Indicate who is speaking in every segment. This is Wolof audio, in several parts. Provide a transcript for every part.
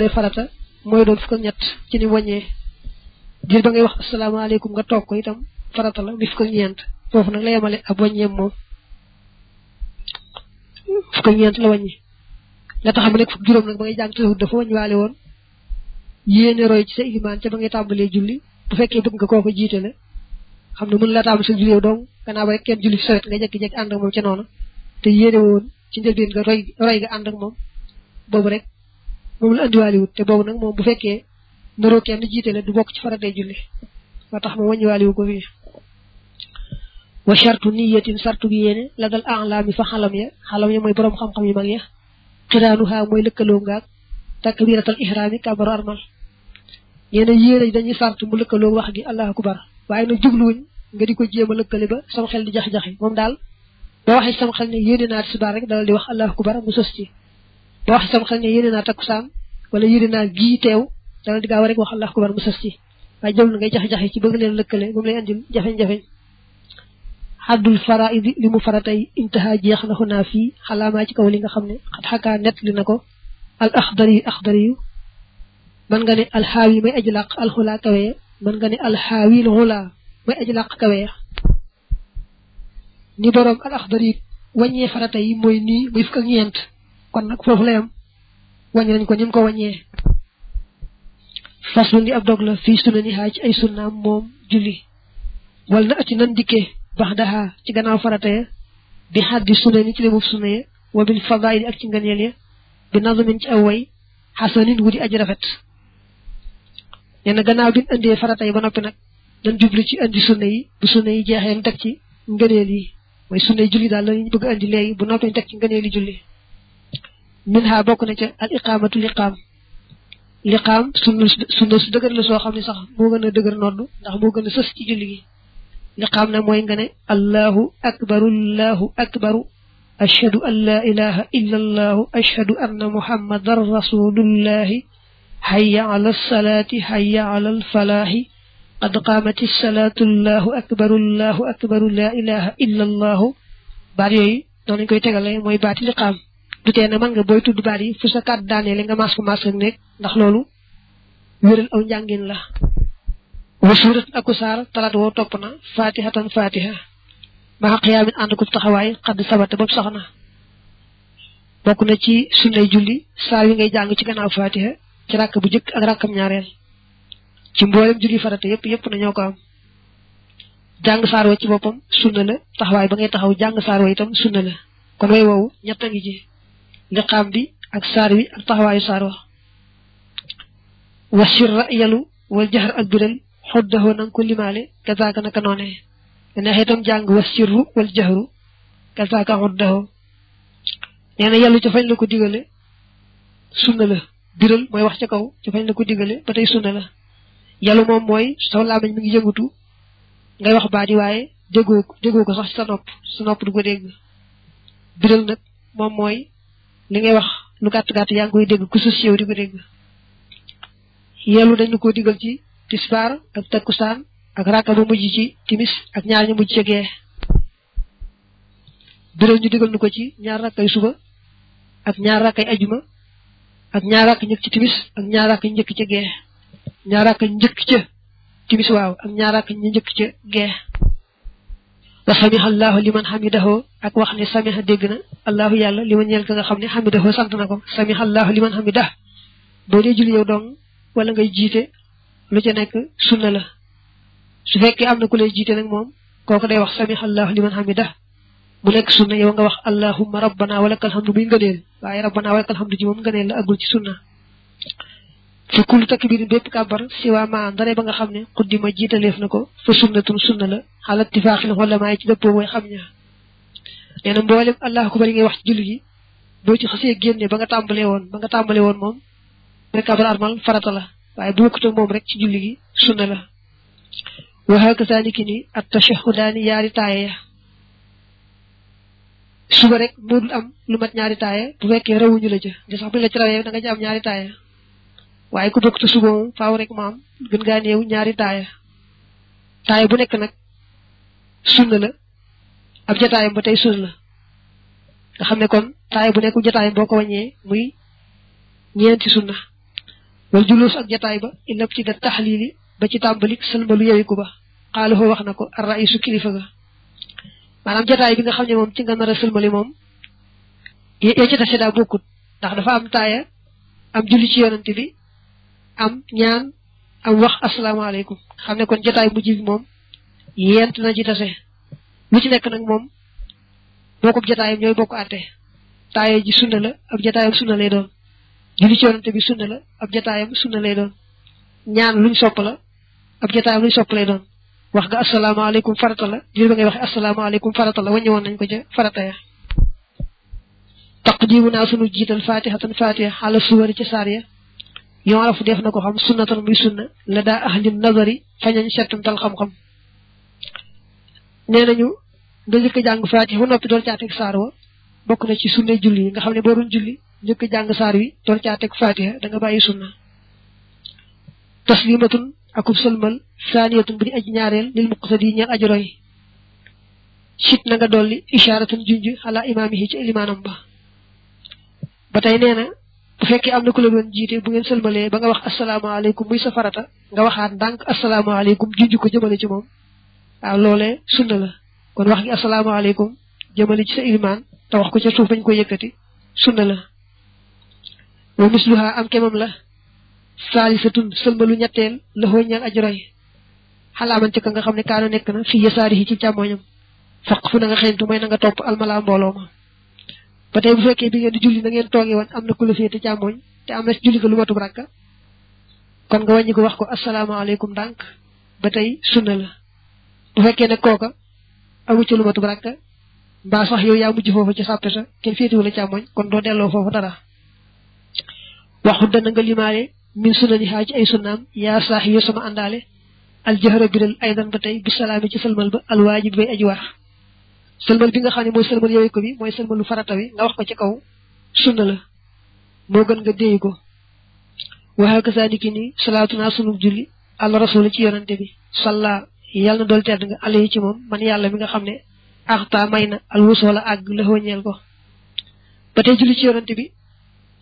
Speaker 1: day farata mooy doon fukk ak ñett ci ni wàññee diir ba ngay wax asalaamaaleykum nga toog ko itam farata la bi fukk ak ñeent foofu nag la ab wàññeem moom fukk ak ñeent la wàññi la tax mu nekk fukk juróom nag ba ngay jàng tasawu dafa wàññiwaale woon yéene roy ci sa imaan ca ba ngay tàmbalee julli bu fekkee bëgg nga kooku jiite la xam ne mën la tàmbali sa julli yow dong gannaaw ba rek kenn julli fi sawet nga jékki-jékki ànd ak moom ca noonu te yéene woon ci njëlbeen nga roy roy nga ànd ak boobu rek moom la indiwaale wut te boobu nag moom bu fekkee naroo kenn jiite la du bokk ci faratay julli moo tax ma wàññiwaale wu ko fii wa ni niyatin sartu bi yéene la dal alaami fa xalam ya xalam ya mooy borom xam-xam yu mag ya xiraanu xaa mooy lëkkaloo ngaag takbiratal ihraami kabaru armal yéene yéene dañuy sart mu lëkkaloo wax gi allahu bar waaye nag jubluwuñ nga di ko jéem a lëkkale ba sama xel di jax-jaxi moom daal boo waxee sama xel ne yéene naa tisbaar rek di wax allahu akbar mu sos ci boo wax sam xel ne yéene naa wala yéene naa gii teew dana di gaaw rek wax allahu akbar mu sës ci waaye jaxe-jaxe ci bëgg leen lëkkale ba mu lay andil jafe-jafe xaddul faraidi li mu jeex na xunaa fii xalaamaa ci kaw li nga xam ne xat xakaa nett li na ko al axdari axdari yu nga ne alxaawi may aji làq alxulaa kaweya mën nga ne alxaawil xulaa may aji làq kaweya ni boroom al axdari wàññee farata yi mooy nii muy fukk ak kon nag foofu la yam wàññi ko ni mu ko wàññee fasul li ab dog la fii sunani xaa ci ay sunnaam moom julli wala na ati nan dikkee bax daxaa ci gannaaw farata ya bi xaddi sunani ci limub sunna ya wa bil fadaili ci nganeel ya bi nazamin ci aw way xasanin wudi aji rafet nee na bi indee yi ba noppi nag dañ jublu ci indi sunna yi bu sunna yi jeexee ñu teg ci ngëneel yi mooy sunna yi julli daal la ñu bëgg indi léegi bu noppi ñu teg ci ngëneel yi julli min ha bokk na ca al iqamatu liqaam liqaam sunna sunna su dëgër la soo xam ne sax moo gën a dëgër nodd ndax moo gën a sës ci julli gi liqaam na mooy nga ne allahu akbaru allahu akbaru ashhadu an laa ilaha illa allahu ashhadu anna muhammadan rasulullahi hayya ala salaati hayya ala alfalaahi qad qaamati du tee ne mën nga booy tudd baat yi fu sa kàddu daaneele nga maas ko maas ak nekk ndax loolu wéral aw njàngin la wa suurat ak saar talaat woo topp na fatiha tan fatiha maa xiyaamin ànd ko taxawaay xadd sabata bopp sax na na ci sunnay julli saar wi ngay jàng ci gannaaw fatiha ci ràkk bu jëkk ak ràkkam ñaareel ci mboolem julli farata yëpp yëpp na ñoo ko am jàng saar wa ci boppam sunna la taxawaay ba ngay taxaw jàng saar wa itam sunna la ngi liqaam bi ak saar wi ak taxawaayu saar wax wasir ra'yalu wal jaxar ak biral xoddaxoo nanga ko limaale kasaaka na noonee te neexee itam jàng wasirru wal jaxru kasaaka xoddaxoo nee na yàllu ca fañ la ko digale sunna mooy wax ca kaw ca fañ la ko digale ba tey sunna la yàllu moom mooy saw laamañ mi ngi yëngatu ngay wax baat yi waaye ko sax ci sa nopp sa nopp du ko dégg biral nag moom mooy li ngay wax lu gàtt gàtt yaa ngi koy dégg ku sus yow di ko dégg yellu dañu ko digal ci tisbaar ak takkusaan ak ràkka bu ci timis ak ñaar ñu mujj ci gee ñu digal ñu ko ci ñaar ràkkay suba ak ñaar ràkkay ajuma ak ñaar ràkk njëkk ci timis ak ñaar ràkk njëkk ci gee ñaar ràkk njëkk ca timis waaw ak ñaar ràkk ñu njëkk ca wa samiha allahu liman hamidahu ak wax ne a dégg na allahu yàlla liman ñeel ka nga xam ne hamidahu sant na ko samiha allahu liman hamidah boo dee julli yow dong wala ngay jiite lu ca nekk sunna la su fekkee am na ku lay jiite nag moom kooku day wax samiha allahu liman hamidah mu nekk sunna yow nga wax allahumma rabbana walakal hamdu buy ngëneel waaye rabbana walakal hamdu ji moom ngëneel la aggul ci sunna fa kullu takbirin bépp kàbbar siwa ma ndare ba nga xam ne xuddima jiitaleef na ko fa sunnatun la ala tifaaxil wala maay ci dëppoo mooy xam ña nee na mboolem allahu akbar wax ci julli gi boo ci xasee génne ba nga tàmbalee woon ba nga tàmbalee woon moom rek kabar armal farata la waaye bu bokkut moom rek ci julli gi sunna la wa hakaza ni ki ni at tashahudaani yaari taaye suba rek moo dul am lu mat ñaari taaye bu fekkee rawuñu la ja di sax buñ la ci rawee da nga ci am ñaari taaye waaye ku bokkut suba moom faaw rek mu gën gaa néew ñaari taaye bu nekk nag sunna la ab jataayam ba tey sunna la nga xam ne kon taay bu nekk jataay boo ko wàññee muy ñeenti sunna wal julus ak jataay ba illa ci da taxliili ba ci tàmbalik sëlmalu yewiku ba xaaluhu wax na ko arraisu kilifa ga maanaam jataay bi nga xam ne moom ci nga nar a sëlmali moom ya ci tase daa bokkut ndax dafa am taaya am julli ci yonante bi am ñaan am wax asalaamaaleykum xam ne kon jataay mujj moom yent na ci tase lu ci nekk nag moom boo ko jataayam ñooy bokk àtte taaye ji sunna la ab jataayam sunna lay doon bi sunna la ab jataayam sunna lay doon ñaan luñ sopp la ab jataayam luñ sopp lay doon wax nga asalaamaaleykum farata la jur ba ngay waxe asalaamaaleykum farata la wàññi woon nañ ko ca farata ya taqdimu naa sunu jiital fatihatan fatiha xaala suwari ca saar ya yoon def na ko xam sunnatan muy sunna la daa ahli nazari fañañ settantal xam-xam nee nañu nga njëkk a jàng faatiha ba noppi dool caa teg saar wa bokk na ci sunna julli yi nga xam ne boo doon julli njëkk jàng saar wi door caa teg faatiha da nga bàyyi sunna taslimatun akub sëlmal saaniyatun bu di aji ñaareel lil muqtadi ñeel aji roy sit na nga dolli isharatun junj ala imaamihi ci limaanam ba ba tey nee na bu fekkee am na ku la doon jiite bu ngeen sëlmalee ba nga wax asalaamaaleykum muy sa farata nga waxaat ndànk asalaamaaleykum junj ko jëmale ci moom waaw loolee sunna la kon wax gi asalaamaaleykum jëmale ci sa ilimaan te wax ko ca suuf bañ ko yëkkati sunna la wa misluha am kemam la saalisatun sëlmalu ñetteel la xoo ñeel aj xa xalaaman ci ka nga xam ne kaana nekk na fii yasaarihi ci càmmoñam faq fu na nga xeeñtu mooy na topp almalaa mbooloo ma ba tey bu fekkee bi ngeen di julli na ngeen toogee woon am na ku la féete càmmoñ te am na julli ko lu matub rakka kon nga wàññi ko wax ko asalaamaaleykum ndànk ba tey bu fekkee ne kooka amu ci lu matub rakka mbaa sax yow yaa mujj foofu ci sàppe sa kenn féetiwu la càmmoñ kon doo delloo foofu dara waxu dana nga limaale min sunani xaa ci ay sunnaam yaa saax yo sama àndaale aljahra biral aydan ba tey bi ci sëlmal ba alwaajib bay aji war sëlmal bi nga xam ne mooy sëlmal yooyu ko bi mooy sëlmalu farata bi nga wax ko ci kaw sunna la moo gën nga déey ko waxee kasaani ki ni salaatu naa sunub julli àla ci yonante bi yàlla na dool tedd nga ale yi ci moom man yàlla mi nga xam ne axta may na alwusoo la àgg la xooñeel ko ba tey julli ci yonante bi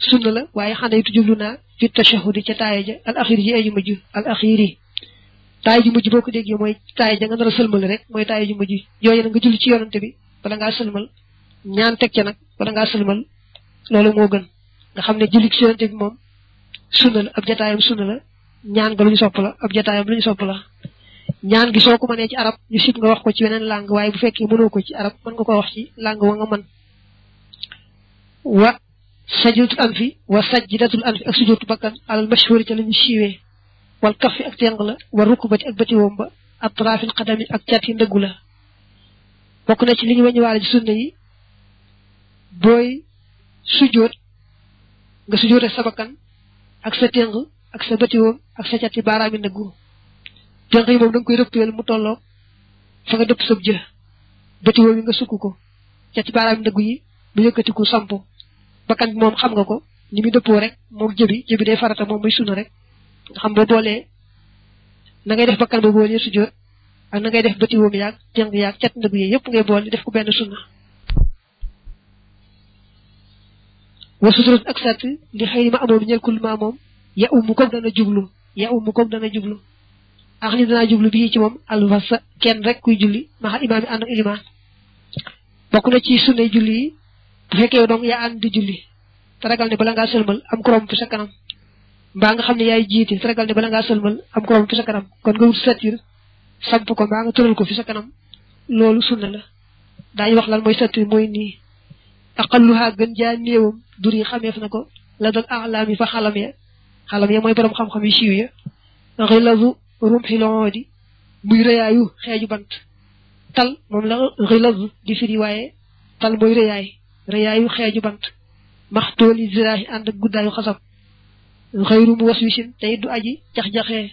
Speaker 1: sunna la waaye xanaytu jublu naa fi tashahudi ca taaya ja al axiri ji ayu mujj al axiri taaya ju mujj boo ko déggee moy taaya ja nga nar sëlmal rek mooy taaya ju mujj yooyu na nga julli ci yonante bi bala ngaa sëlmal ñaan teg ca nag bala ngaa sëlmal loolu moo gën nga xam ne julli ci yonante bi moom sunna la ab jataayam sunna la ñaan la ab jataayam lu ñu la ñaan gi soo ko ci arab ñu sib nga wax ko ci weneen langue waaye bu fekkee mënoo ko ci arab mën nga ko wax ci langue wa nga mën wa sajdatul anfi wa sajdatul anfi ak sujootu bakkan alal mashhuri ca la ñu siiwee wal kaffi ak teng la wa rukbati ak bëti wom ba atraafil xadami ak cati ndëggu la bokk ci li ñu weñu waale ci sunna yi booy sujoot nga sujoote sa bakkan ak sa teng ak sa bëti wom ak sa cati baaraami ndëggu tenq yi moom da nga koy rëptuwel mu tolloo fa nga dëpp sab jë bëti woo yi nga sukk ko ca ci baaraam ndëgg yi mu yëkkatiku samp bakkan moom xam nga ko ni mu dëppoo rek moom jëbi jëbi de farata moom muy sunna rek nga xam boo boolee na def bakkan ba boolee sujjóot na ngay def bëti wóom yaag tenq yaag cat ndëgg yi yëpp ngay boole def ko benn sunna wa suturut ak sart li xëy ma amoon ñeel kul ma moom ya umu koog dana jublu ya umu koog dana jublu ax li danaa jublu bii ci moom alwasa kenn rek kuy julli maxa imaam yi ànd ak ilimaan bokk na ci sunne julli yi bu fekkee donc yaa ànd di julli te ragal ne bala ngaa sëlmal am ku romb fi sa kanam nga xam ne yaay jiite te ragal ne bala ngaa sëlmal am ku romb fi sa kanam kon nga wut sattir samp ko mbaa nga tëral ko fi sa kanam loolu sunna la daañu wax lan mooy sattir mooy nii aqalluhaa gën jaa néewam dur yi xameef na ko la dal alaam yi fa xalam ya xalam ya mooy borom xam-xam yi siiw ya ruuxil oodi buy rëyaayu xeeju bant tal moom la xilaz di firi waaye tal mooy rëyaay rëyaayu xeeju bant maxtooli ziraahi ànd ak guddaayu xasab xëyru mu waswisin tey du aji jax-jaxee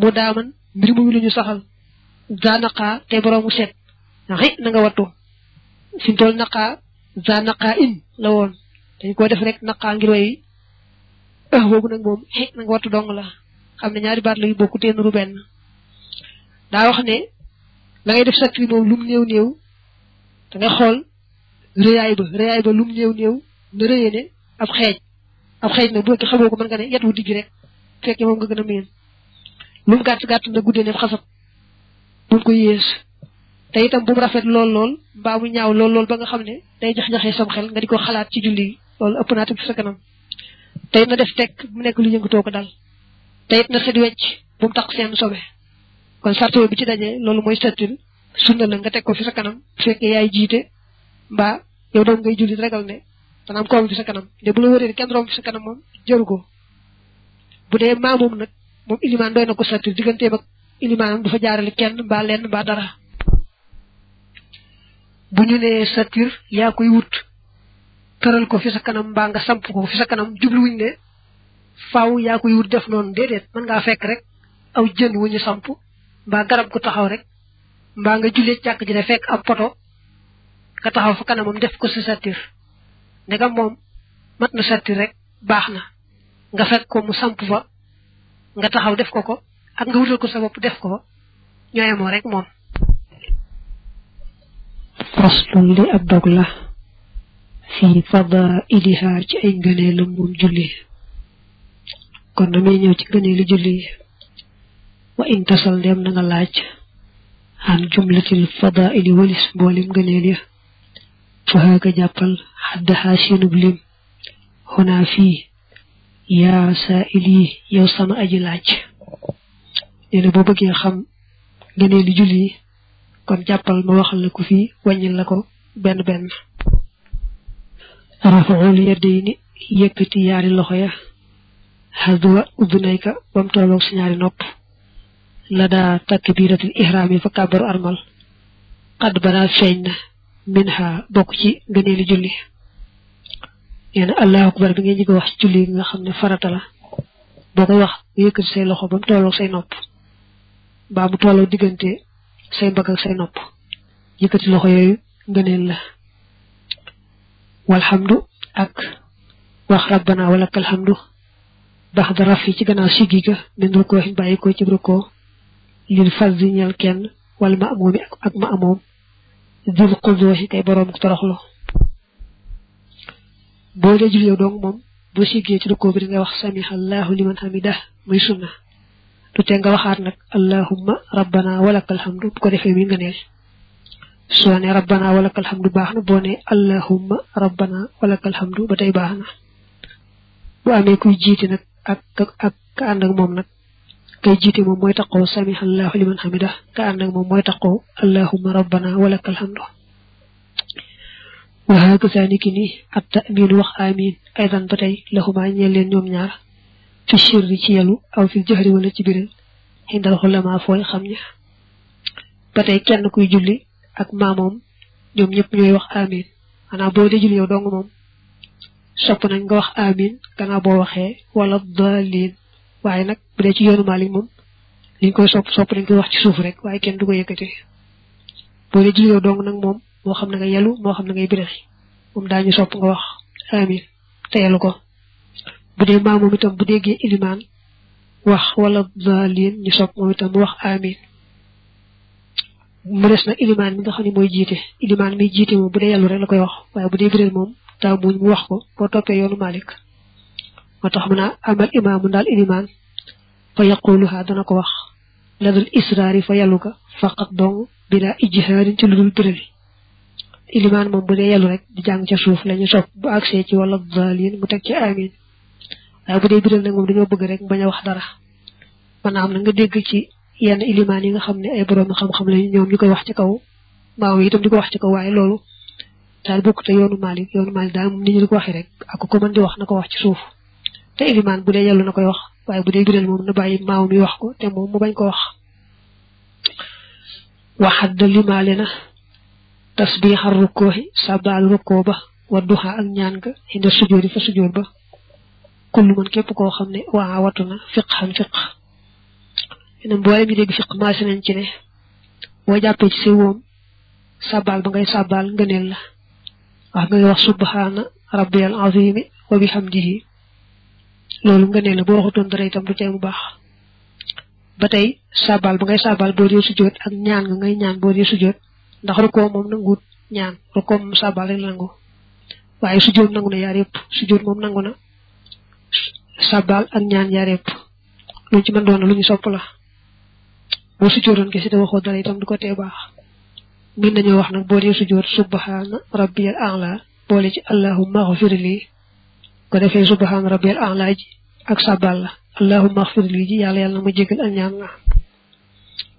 Speaker 1: mu daaman mbir muy lu ñu saxal zanaqaa tey boroomu seet xi na nga wattu suñ tool naqaa la woon dañ def rek naqaa ngir way ah boobu nag moom xi na nga wattu dong la xam ne ñaari baat la yu bokku te nuru benn daa wax ne la ngay def sakri moom lu mu néew néew da ngay xool rëyaay ba rëyaay ba lu mu néew néew na rëyee ne ab xeej ab xeej nag bu fekkee xamoo ko mën nga ne yet wu digg rek fekkee moom nga gën a miin lu mu gàtt gàtt na guddee ne xasab bu mu ko yées te itam bu mu rafet lool lool mbaa mu ñaaw lool lool ba nga xam ne day jax-jaxee sam xel nga di ko xalaat ci julli loolu ëpp naa teg sa kanam tey na def tekk mu nekk lu yëngatoo ko dal te it na set wecc bu mu seen sobe kon sartu bi ci dajee loolu mooy statut sunna la nga teg ko fi sa kanam bu fekkee yaay jiite mbaa yow doom ngay jullit regal ne dana am koom fi sa kanam te bu la wëree kenn romb fi sa kanam moom jëru ko bu dee maamum nag moom ilimaan doy na ko statut digganteem ak ilimaanam du fa jaarale kenn mbaa lenn mbaa dara bu ñu nee yaa koy wut tëral ko fi sa kanam mbaa nga samp ko fi sa kanam jubluwuñ ne faaw yaa koy wut def noonu déedéet mën ngaa fekk rek aw jën wu ñu samp mbaa garab gu taxaw rek mbaa nga jullee jàkk ji ne fekk ab poto nga taxaw fa kanamam def ko sa sattir ndegam moom mat na sattir rek baax na nga fekk ko mu samp fa nga taxaw def ko ko ak nga wutal ko sa def ko fa ñooyemoo rek moom faslun li ab dog la fi fadailiha ci ay ngëneelam moom julli kon damay ñëw ci ngëneelu julli yi wa in tasal ndem na nga laaj an jumlatil fadaili walis mboolem ngëneel ya faxaaka jàppal xaddaxaa seenub lim xonaa fii yaa saa'il yi yow sama aji laaj nee boo bëggee xam ngëneelu julli yi kon jàppal ma waxal la ko fii wàññil la ko benn benn rafaul yadayni yëkkati yaari loxo ya xadduwa uddunayka ba mu tolloog si ñaari nopp la daa takbiratul fa kàbbaru armal xadd banaa feeñ na min bokk ci ngëneeli julli nee allahu akbar bi ngeen jëkk wax ci julli nga xam ne farata la boo koy wax nga yëkkati say loxo ba mu tolloog say nopp mbaa mu tolloog diggante say mbagg ak say nopp yëkkati loxo yooyu ngëneel la walhamdu ak wax rabbana walakal hamdu bax da raf yi ci gannaaw siggi ga min rukkoo xiñ bàyyi ko ci rukkoo lil fas di kenn wala ma amoom yi ak ma amoom dil xudoo boroom ku toroxlu boo dee jul yow moom boo siggee ci rukkoo bi di nga wax samiha allahu liman hamida muy sunna du tee nga waxaat nag allahumma rabbana walakal hamdu bu ko defee muy ngëneel soo ne rabbana walakal hamdu baax na boo ne allahumma rabbana walakal hamdu ba tey baax na bu amee kuy jiite nag ak ak ka ànd moom nag kay jiite moom mooy taqoo sami allahu liman hamida ka ànd ak moom mooy taqoo allahumma rabbana walakal hamdu waxaa gisaani ki nii atta miin wax amiin aydan ba tey laxumaa ñeel leen ñoom ñaar fi sirri ci yelu aw fi jëxri wala ci biral xindal xulamaa fooy xam ña ba tey kenn kuy julli ak maamoom ñoom ñëpp ñooy wax amiin maanaam boo dee julli yow dong moom sopp nañ nga wax amin gannaaw boo waxee wala daalin waaye nag bu dee ci yoonu Maalik moom liñ koy sopp sopp nañ koy wax ci suuf rek waaye kenn du ko yëkkati boo dee jiw dong moom moo xam ne nga yelu moo xam ne ngay bidexi moom daañu sopp nga wax amin te yelu ko bu dee maa bu déggee ilimaan wax wala daalin ñu sopp moom itam mu wax amin mu des nag ilimaan mi nga xam ne mooy jiite ilimaan mi jiite moom bu dee yelu rek la koy wax waaye bu dee biréel moom taa muñ mu wax ko boo toppee yoonu Malik moo tax mu naa amal imaamu daal ilimaan fa yaquluha dana ko wax la dul israari fa yàllu ga faqat dong bila ijhaarin ci lu dul bërëli ilimaan moom bu dee yàllu rek di jàng ca suuf la ñu sopp bu agsee ci wala zaalin mu teg ci amin waaye bu dee biral nag moom dañoo bëgg rek bañ wax dara mën naa na nga dégg ci yenn ilimaan yi nga xam ne ay boroomi xam-xam lañu ñoom ñu koy wax ci kaw maam yi itam di ko wax ci kaw waaye loolu daal bokkute yoonu Malik yoonu Malik daal moom ni ñu ko waxee rek ak ko mën di wax na ko wax ci suuf te ilimaan bu dee yàllu na koy wax waaye bu dee gudeel moom na bàyyi maam mi wax ko te moom mu bañ ko wax waxadda limaale na tasbiixar rukkooxi sabal rukkoo ba wa duxa ak ñaan nga inda sujoodi fa sujood ba kullu képp koo xam ne waa watu na fiq xan fiq ina mboolem ñu dégg fiq maasi nañ ci ne boo jàppee ci sa wóom sabal ba ngay sabal ngëneel la wax nga wax subhaana rabbiyal azimi wa bihamdihi loolu nga ne la boo waxutoon dara itam du tee bu baax ba tey saabal ba ngay saabal boo dee sujjóot ak ñaan nga ngay ñaan boo dee sujjóot ndax rukoo moom nanguut ñaan rukoo moom saabal rek nangu waaye sujjóot nangu na yaar yëpp sujjóot moom nangu na saabal ak ñaan yaar yëpp luñ ci mën doon lu ñu sopp la boo sujjóotoon kese te waxoo dara itam du ko tee baax. mën nañoo wax nag boo dee sujjóot subhaana rabbiyal a'la boole ci allahumma xafir lii ko defee subhaana rabbiyal a'la ji ak sàbbal la allahumma xafir ji yàlla yàlla na ma jégal ak ñaan la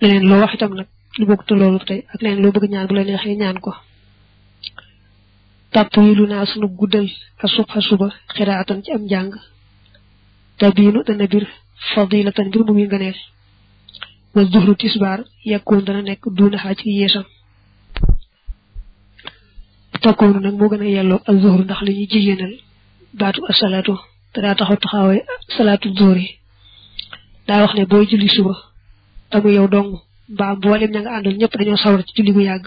Speaker 1: leneen loo wax itam nag lu bëgg te loolu tey ak leneen loo ñaan bu la neexee ñaan ko tàpp yi lu naa sunu guddal a subha suba xiraatan ci am njàng tabiinu dana bir fadilatan bir mu ngi wa zuhru tisbaar yakkoon dana nekk duuna xaa yeesam takkoonu nag moo gën a yelloo al zuhru ndax li ñuy jigéenal baatu asalaatu te daa taxaw taxawaay salaatu zuhr yi daa wax ne booy julli suba tamu yow dong mbaa mboolem ña nga àndal ñëpp dañoo sawar ci julli gu yàgg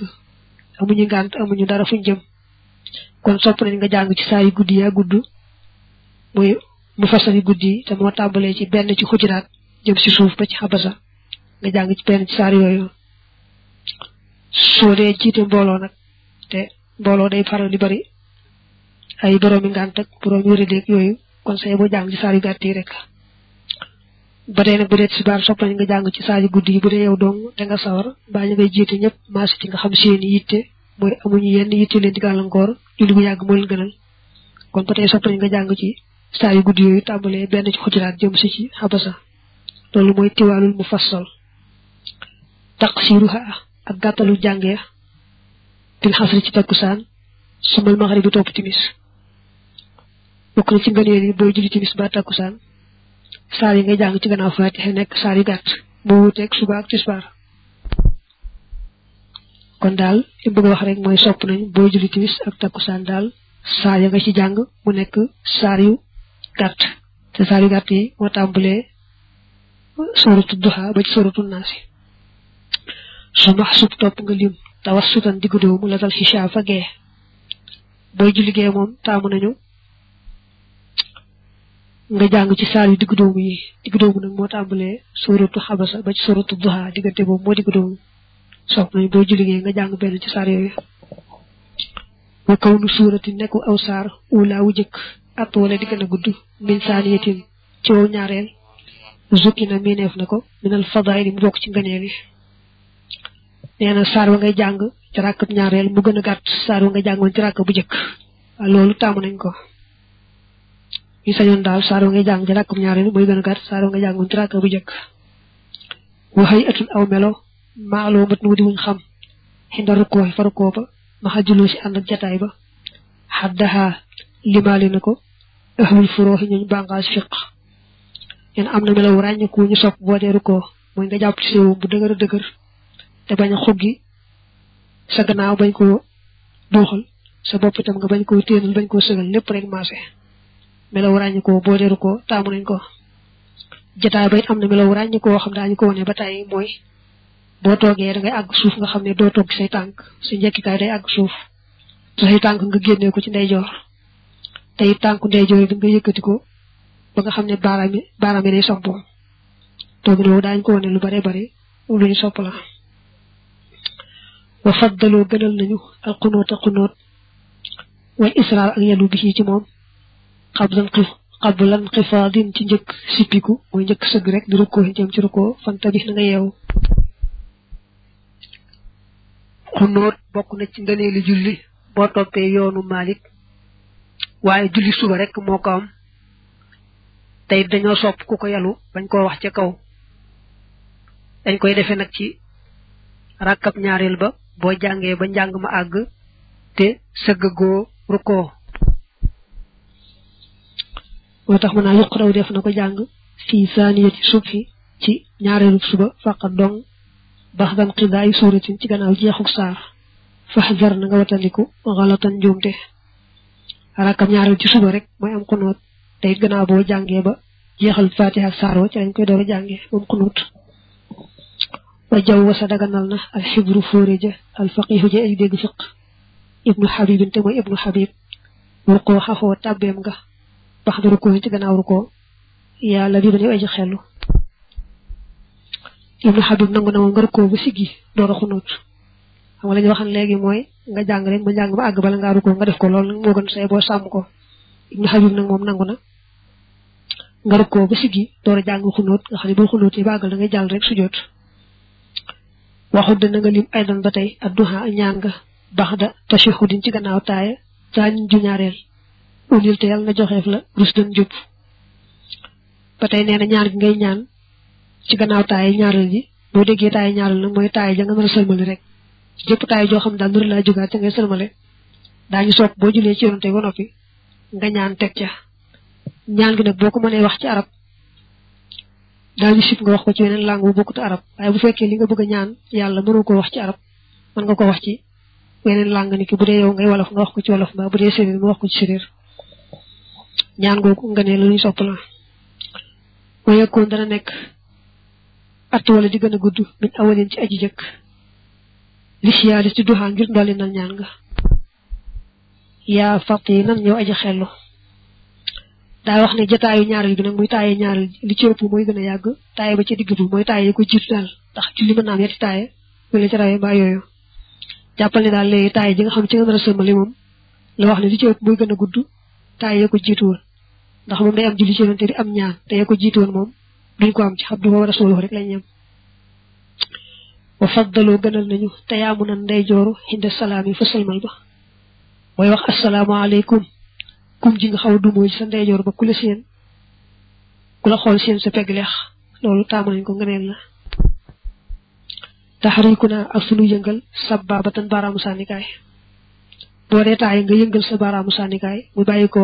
Speaker 1: amuñu ngànt amuñu dara fuñ jëm kon sopp nañ nga jàng ci saa yu guddi yaa gudd mu fasal guddi te moo tàmbalee ci benn ci xujuraat jëm si suuf ba ci xabasa nga jàng ci benn ci saar yooyu soo dee jiite mbooloo nag te mbooloo day faral di bari ay boroomi ngànt ak boroomi wérédéeg yooyu kon say boo jàng ci saar yu gàtt yi rek ba tey nag bu dee tisbaar sopp nañ nga jàng ci saar yu guddi yi da nga sawar mbaa ñu ngay jiite ñëpp maasi ci nga xam seeni mooy amuñu yenn yitte leen di gàllankoor julli bu yàgg moo kon ba tey sopp nañ nga jàng ci saar yu guddi yooyu tàmbalee benn ci xujuraat jëm si ci xabasa loolu mooy tiwaalul mu fassal taqsiruha ak gàttalu jàngee til xasri ci takkusaan sumal maxaribi topp timis bokk na ci ngëneel yi booy julli timis ba takkusaan saar yi ngay jàng ci gannaaw faatixe nekk saar yu gàtt mu wuuteeg suba ak tisbaar kon daal i bëgg a wax rek mooy sopp nañ booy julli timis ak takkusaan daal saar ya nga ci jàng mu nekk saar yu gàtt te saar yu gàtt yi moo tàmbalee sóoratu duha ba ci sóoratu naasi su max sub topp nga lim tawassutan diggu doomu la dal xisha fa gee booy julli gee moom taamu nañu nga jàng ci saar yu diggu doomu yi diggu doomu nag moo tàmbalee suuratu xabasa ba ci suuratu duha diggante boobu moo diggu doomu sopp nañu booy julli nga jàng benn ci sari yooyu wa kaw nu suurati nekku aw saar ulaa wala di gën a gudd min saaniyatin ci wow ñaareel zukki na miineef na ko minal fadaayil ci ngëneel yi nee na saar wa ngay jàng ci ràkk ñaareel mu gën a gàtt saar wa nga jàngoon ci ràkk bu jëkk waaw loolu taamu nañ ko ñu sañoon daal saar wa ngay jàng ci ràkk ñaareel mooy gën a gàtt saar wa nga jàngoon ci ràkk bu jëkk waxay atul aw melo maaloo mat nu di wuñ xam xinda rukkoo fa rukkoo ba maxa juloo si ànd ak jataay ba xaddaha limaali na ko ahlul furooxi ñooñ bànqaas fiq ñeen am na melaw ràññeeku ñu sopp boo dee rukkoo mooy nga jàpp ci séewum bu dëgër dëgër te bañ a xuggi sa gannaaw bañ koo duuxal sa boppi tam nga bañ koo téenal bañ koo sëgal lépp rek maase melaw ràññi ko boo deeru ko taamu nañ ko jataay ba am na melaw ràññi koo xam daañu ko wane ba tàyyi mooy boo toogee da ngay àgg suuf nga xam ne doo toog say tànk sa njekkikaay day àgg suuf say tànk nga génne ko ci ndeyjoor te it tànku ndeyjoor bi nga yëkkati ko ba nga xam ne baaraam yi baaraam yi day sampo toog loolu daañu ko lu bare bare lu ñu sopp la wa faddalu gënal nañu al qunuuta qunuut wal israar ak yelu bi ci moom xablan xif xablan ci njëkk sippiku mooy njëkk sëgg rek di rukkoo jëm ci rukkoo na nga yeewu qunuut bokk na ci ngëneeli julli boo toppee yoonu Malik waaye julli suba rek moo ko tey dañoo sopp ku ko yalu bañ koo wax ca kaw dañ koy defe nag ci rakkab ñaareel ba boo jàngee ba njàng ma àgg te sëggagoo rukkoo moo tax mën naa yuqaraw def na ko jàng fii saaniyati subhi ci ñaareelu suba faqa dong baxdan xidaay suuratin ci gannaaw jeexuk saar faxdar na nga watandiku xalatan njuumte rakam ñaareelu ci suba rek mooy am xunuut te it gannaaw boo jàngee ba jeexal faatiha ak saar wa ci lañ koy door a jàngee moom xunuut wa jaw wasa daganal na alxibru fóore ja alfaqihu ja ay dégg fiq ibnu xabibin te mooy ibnu xabib rukoo xaxoo tàbbeem nga bax da rukoo ci gannaaw rukoo yàlla bi ba ne aji na moom nga rukoo ba siggi door a xunuut xam nga léegi mooy nga jàng rek ba jàng ba àgg bala ngaa rukoo nga def ko lool moo gën say boo sàmm ko ibnu xabib nag moom nangu na nga rukoo ba siggi door a jàng xunuut nga xam ne boo xunuutee ba àggal da ngay jàll rek sujjoot waxut na nga lim ay dan ba tey ak duha ñaan nga bax da tashahudin ci gannaaw taaya taañin ju ñaareel unil te yàlla na joxeef la rus dan jub ba tey nee na ñaan gi ngay ñaan ci gannaaw taaya ñaareel yi boo déggee taaya ñaareel nag mooy taaya ja nga mën a sëlmali rek jëpp taaya joo xam daal nuru laa jógaat te ngay daa daañu soog boo julee ci yoonante ba noppi nga ñaan teg ca ñaan gi nag boo ko mënee wax ci arab daañu sib nga wax ko ci weneen langue bu bokkut arab waaye bu fekkee li nga bëgg a ñaan yàlla mënoo ko wax ci arab mën nga ko wax ci yeneen làng ni ki bu dee yow ngay wolof nga wax ko ci wolof mbaa bu dee séeréer nga wax ko ci séeréer ñaan googu nga la ñuy sopp la wa yekkoon dana nekk at wala di gën a gudd min awalin ci aji jëkk li siyaalis ci duxaan ngir dolli nan ñaan nga yaa faq yi nan ñëw aji xellu daa wax ne jataayu ñaareel ñaar nag muy taaye ñaareel li ci ëpp mooy gën a yàgg taaye ba ci digg bi mooy taaye yi ko jiitu daal ndax julli mën naa am yetti taaye wala ci rawee mbaa yooyu ne daal léegi taaye ji nga xam ne ci nga nar a sëlmali moom la wax li ci ëpp mooy gën a gudd taaye ya ko jiitu ndax moom day am julli ci yonente di am ñaan te ko jiitu moom duñ ko am ci Abdu wa Rasuluhu rek lañ yem wa faddaloo gënal nañu te yaamu nan ndeyjooru xinde salaam yi fa sëlmal ba mooy wax asalaamaaleykum kum ji nga xaw a dummóoy sa ndeyjoor ba ku la seen ku la xool seen sa pegg leex loolu taamu nañ ko ngëneel la taxariku naa ak sunu yëngal sa baabatan baaraamu sànnikaay boo dee taay nga yëngal sa baaraamu sànnikaay mu bàyyi ko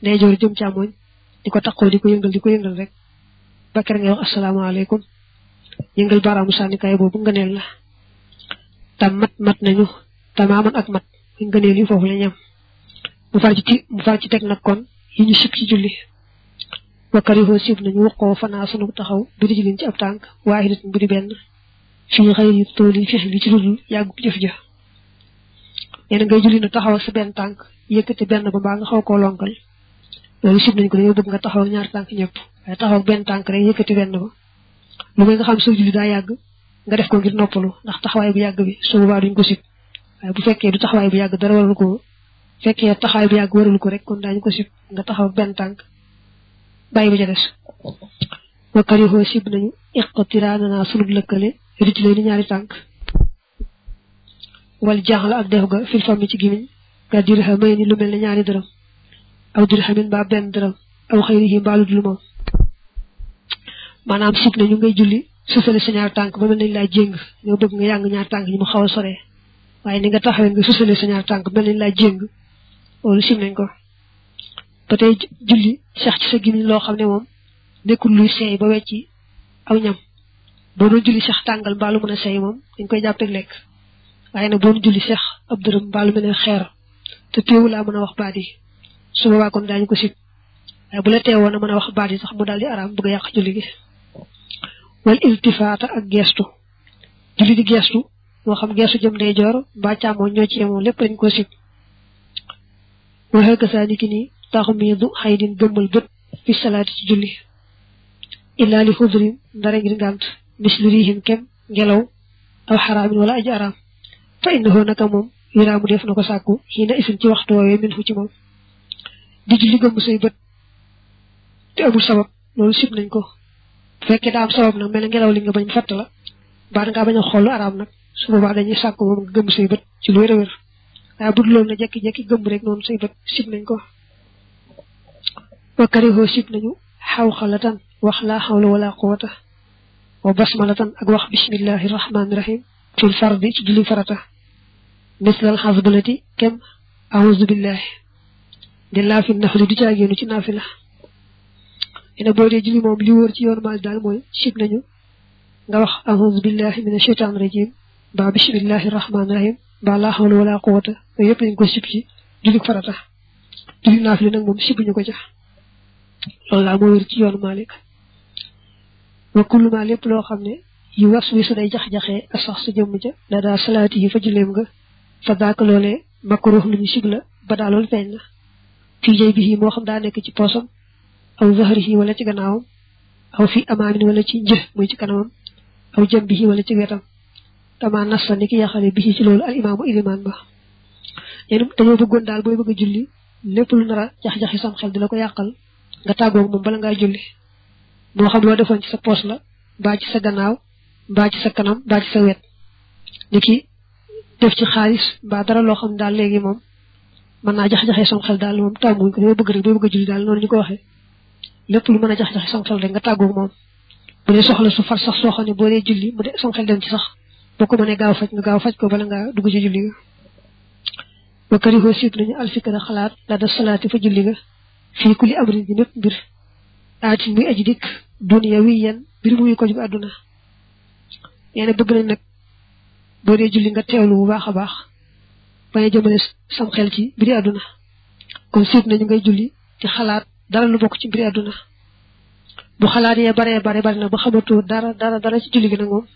Speaker 1: ndeyjoor jëm càmmoñ di ko taqoo di ko yëngal di ko yëngal rek ba kere ngay wax asalaamaaleykum yëngal baaraamu sànnikaay boobu ngëneel la tam mat mat nañu tamaaman ak mat ngëneel yi foofu la ñam mu far ci mu far ci teg nag kon yi ñu sib ci julli wakkarihoo sib nañu wuqoo fanaa sunu taxaw bidi jilin ci ab tànk waaxidat bu di benn fii yi tooli fex ci dudul ja nee ngay julli na taxaw ak sa benn tànk yëkkati benn ba mbaa nga xaw koo lonkal loolu sib nañ ko dañoo bëgg nga taxaw ñaar tànk ñëpp waaye taxaw ak benn tànk rek yëkkati benn ba lu may nga xam soo julli daa yàgg nga def ko ngir noppalu ndax taxawaay bu yàgg bi su boobaa duñ ko sib waaye bu fekkee du taxawaay bu yàgg dara waral ko fekkee taxawaay bi yàgg warul ko rek kon daañu ko sib nga taxaw benn tànk bàyyi ba ca des wakkar yoxoo sib nañu iqtiraanana sunub lëkkale rijlay ni ñaari tànk wal jaaxla ak def ga fil fami ci gimiñ nga dirha may ni lu mel ne ñaari dërëm aw dirhamin mbaa benn dërëm aw xëyrihi mbaa lu dul moom maanaam sib nañu ngay julli susale sa ñaari tànk ba mel nañ laa jéng ñoo bëgg nga yàng ñaari tànk ñi mu xaw a soree waaye ni nga taxawee nga susale sa ñaari tànk mel nañ laa jéng loolu sim nañ ko ba tey julli sax ci sa gémmiñ loo xam ne moom nekkul luy seey ba wecci aw ñam boo doon julli sax tàngal mbaalu mën a seey moom dañ koy jàppeeg lekk waaye nag boo julli sax ab dërëm mbaalu mel xeer te teewu laa mën a wax baat yi su boobaa kon daañu ko sib waaye bu la teewoon a mën a wax baat yi tax mu dal di araam bëgg a yàq julli gi wal iltifaata ak geestu julli di geestu moo xam geestu jëm day joor mbaa càmmoñ ñoo ci yemoo lépp dañ ko sib waxee kasaa ni ki nii taxumiidu xay din gëmmal bët fi salaati ci julli illaa li xudrin ndara ngir ngànt misli riihim ngelaw aw xaraamin wala aji araam fa innahu naka moom yuraamu def na ko sàkku xiina isin ci waxtu woowee min fu ci moom di julli gëmm say bët te amul sabab loolu sib nañ ko bu daa am sabab nag mel ne ngelaw li nga bañ fatt la baat ngaa bañ a xool araam nag su boobaa dañuy sàkku moom nga gëmm say bët ci lu wér wér waaye bu dul loolu na jekki-jekki gëmb rek noonu say bët sib nañ ko wakarihoo sib nañu xaw xalatan wax laa xawla wala quwata wa basmalatan ak wax bismillahi rahmaani rahim fil fardi ci julli farata mislal xasbalati kem aouzu billahi di laafi naxli du caagéenu ci naafila ina boo dee julli moom li wóor ci yoon maal daal mooy sib nañu nga wax aouzu billahi min ashaytan rajim ba bismillahi rahmaani rahim mbaa laa xawla wala quwwata yooyu yëpp dañ ko sib ci julli farata julli naafile nag moom sibuñu ko ca loolu daal moo wér ci yoonu Malick wa kullu ma lépp loo xam ne yu was wi su day jax a sax sa jëmm ja da daa salaati yi fa julleem nga fa daaka lu ñu sib la feeñ na fii jay bi moo xam daa nekk ci poosam aw zahrihi wala ci gannaawam aw fi amaamin wala ci një mu ci kanamam aw jambihi wala ci wetam kama nassa ni ki yaxale bi ci loolu al imaamu ilimaan ba yéen dañoo bëggoon daal booy bëgg a julli lépp lu nar a jax-jaxi sam xel la ko yàqal nga tàggoog moom bala ngaa julli moo xam loo defoon ci sa poos la mbaa ci sa gannaaw mbaa ci sa kanam mbaa ci sa ki def ci xaalis mbaa dara loo xam daal léegi moom mën naa jax-jaxee sam xel daal moom tàgguñ ko dañoo bëgg rek booy bëgg julli daal noonu ñu ko waxee lépp lu mën a jax-jaxi sam xel rek nga tàggoog moom bu dee soxla su far sax soo ne boo dee julli bu dee sam xel dem ci sax boo ko mënee gaaw faj nga gaaw faj ko bala ngaa dugg ci julli ga ba karihoo siit nañu alfikra xalaat la def salaati fa julli ga fii kulli amrin di mépp mbir aatin ko jub àdduna nag boo julli nga teewlu bu baax a baax bañ a jëmale sam xel ci mbiri àdduna kon siit nañu ngay julli ci xalaat dara lu bokk ci mbiri àdduna bu xalaat yee baree bare bari na ba xamatoo dara dara dara ci julli gi nag moom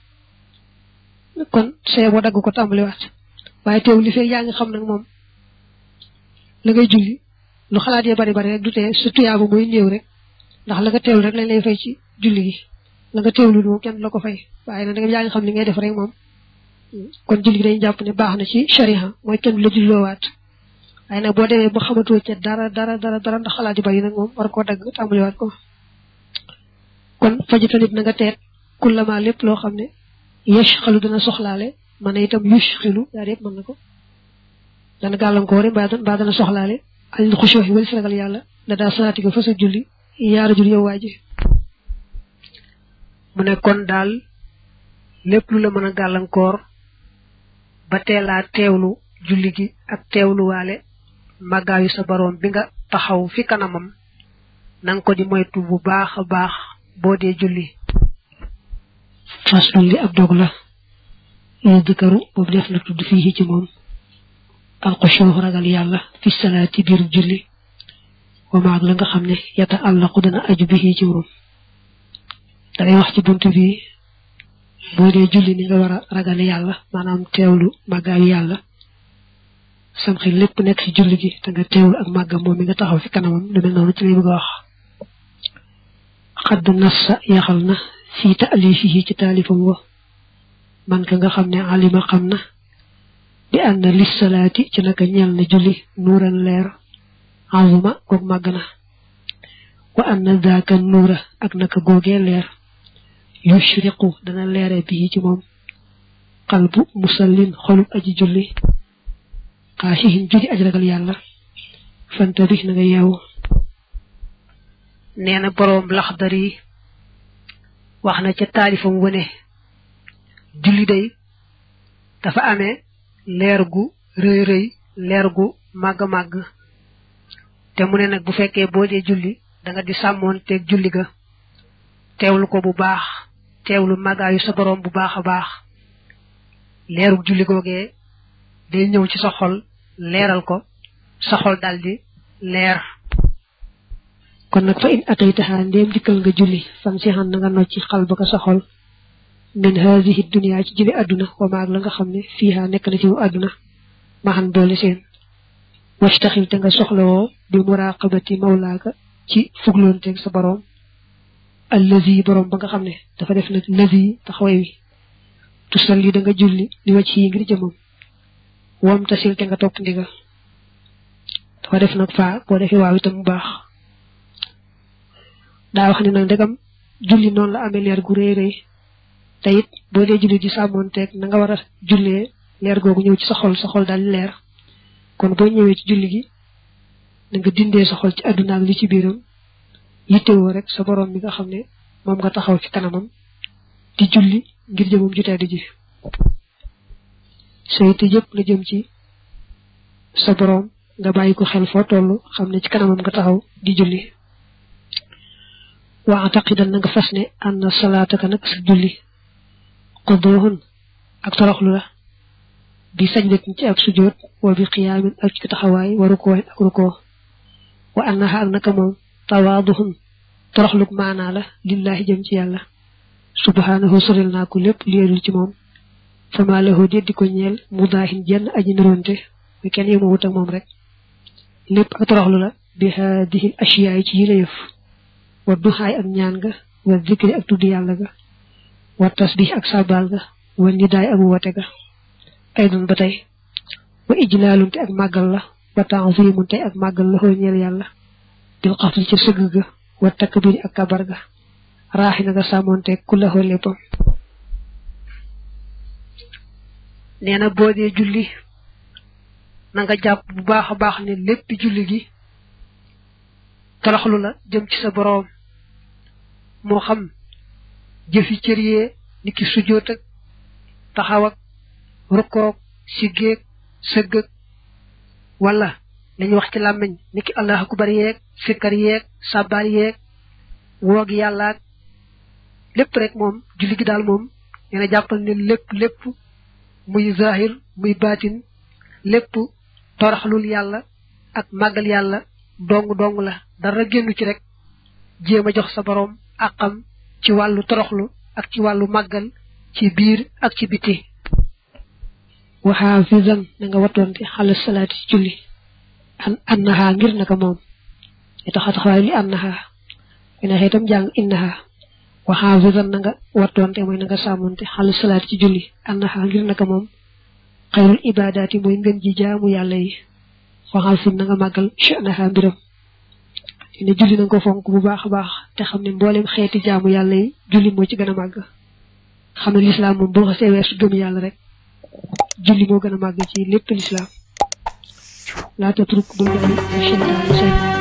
Speaker 1: kon see boo dagg ko tàmbaliwaat waaye teewul li fee yaa ngi xam nag moom la ngay julli lu xalaat yee bari bari rek du tee su tuyaabu mooy néew rek ndax la nga teew rek lañ lay fay ci julli gi la nga teewlu kenn la ko fay waaye nag yaa ngi xam li ngay def rek moom kon julli gi jàpp ne baax na ci shariha mooy kenn la julloowaat waaye nag boo demee ba xamatoo ca dara dara dara dara ndax xalaat yu bari nag moom war koo dagg tàmbaliwaat ko kon fajitanit na nga teet lépp loo xam ne yashxalu dana soxlaale mën na itam yushxilu yaa yëpp mën na ko dana gàllankoore mbaa dana soxlaale al xushoox yi wal si ragal yàlla da daa salaati ko fa sa julli yaara jul yow waa ji mu ne kon daal lépp lu la mën a gàllankoor ba teelaa teew teewlu julli gi ak teewluwaale màggaayu sa boroom bi nga taxaw fi kanamam na nga ko di moytu bu baax a baax boo dee julli faslun li ab dog la yu dëkkaru boobu def na tudd fii ci moom alxushuux ragal yàlla fi salaati biiru julli wa maag la nga xam ne yata àllaqu dana aju bi ci moom dangay wax ci bunt bi boo dee julli ni nga war ragal yàlla maanaam teewlu màggaayu yàlla sam xel lépp nekk ci julli gi te nga teewlu ak màggam moom mi nga taxaw fi kanamam lu mel noonu ci lay bëgg a wax xadd nas sa yaxal na fii taalifihi ci taalifam wa man ka nga xam ne alima xam na bi ànd lis ci naka ñel na julli nuuran leer azuma koog màgg na wa anna daaka nuura ak naka googee leer yushriqu dana leere bii ci moom qalbu musallin xolub aji julli xaaxihin judi aj ragal yàlla fanta na nga yeewu nee boroom laxdar wax na ca taalifam wane julli day dafa ame leer gu rëy rëy leer gu màgg màgg te mu ne nag bu fekkee boo dee julli da di sàmmoon teeg julli ga teewlu ko bu baax teewlu màggaayu sa boroom bu baax a baax leeru julli googee day ñëw ci sa xol leeral ko sa xol di leer kon nag fa in ataytaha ndéem dikkal nga julli fan si xan na nga ci xal ba ko sa xol min haasihi ci jële àdduna wa maag la nga xam ne fiiha nekk na ci mu àdduna maxan boole seen wastaxil te nga soxlawoo bi muraqabati mawlaaka ci fugloonteeg sa boroom allazi boroom ba nga xam ne dafa def nag lazi taxaway wi tusalli da nga juli li wàcc yi ngir jëmam wam tasil te nga topp ndigal dafa def nag faa boo defee waaw bu baax daa wax ne nag ndegam julli noonu la amee leer gu rëy rëy te it boo dee julli di sàmmoonteeg na nga war a jullee leer googu ñëw ci sa xol sa xol daal di leer kon boo ñëwee ci julli gi na nga dindee sa xol ci àdduna ak li ci biiram yittewoo rek sa borom bi nga xam ne moom nga taxaw ci kanamam di julli ngir jëmum ju tedd ji sa yitte yëpp la jëm ci sa borom nga bàyyi ko xel foo toll xam ne ci kanamam nga taxaw di julli waa taqidan na nga fas ne anna salaataka nag sa julli ak toroxlu la bi sajdatin ci ak sujjóot wa bi qiyaamin ak taxawaay wa rukoohin ak rukoo wa annaha ak naka moom tawaaduhun toroxluk maanaa la lillaahi jëm ci yàlla subhaanahu soril naa ko lépp leerul ci moom fama lahu déddi ko ñeel mudaahin jenn aji nironte muy kenn yemawut ak moom rek lépp ak toroxlu la bi haadihi ashiyaay ci yile yëf wa duxaay ak ñaan ga wa zikri ak tudd yàlla ga wa tasbih ak sabal ga wa nidaay ak woote ga ay doon ba tey wa ijlaalun te ak màggal la wa ta'zimun tey ak màggal la xoo ñeel yàlla bil xafli ci sëgg ga wa takbir ak kabar ga raaxi na nga sàmmoonte ku la xoo léppam nee boo dee julli na nga jàpp bu baax a baax ne lépp julli gi toroxlu la jëm ci sa boroom moo xam jëfi cër yee ni ki sujjóot ak taxaw ak rukkoog wax ci làmmiñ ni ki allah akubar yeeg sikkar yeeg sàbbaal yeeg woog yàllaak lépp rek moom julli gi daal moom neena jàppal ne lépp lépp muy zahir muy baatin lépp toroxlul yàlla ak màggal yàlla dong dong la dara génnu ci rek jéem a jox sa boroom àqam ci wàllu toroxlu ak ci wàllu màggal ci biir ak ci biti waxaa fisan na nga wattoonte xala salaati ci julli an annaha ngir naka moom li taxa taxawaay li jàng innaha waxaa fisan na nga wattoonte mooy na nga sàmmonte xala salaati ci julli annaha ngir naka moom xayrul ibaadaati mooy ji jaamu yàlla yi waxal sim na nga màggal chanaha mbiram ne julli na nga ko fonk bu baax baax te xam ne mboolem xeeti jaamu yàlla yi julli moo ci gën a màgg xam ne lislaam moom boo xasee su gëm yàlla rek julli moo gën a màgg ci lépp lislaam laata turuk bul bàyyi seytaane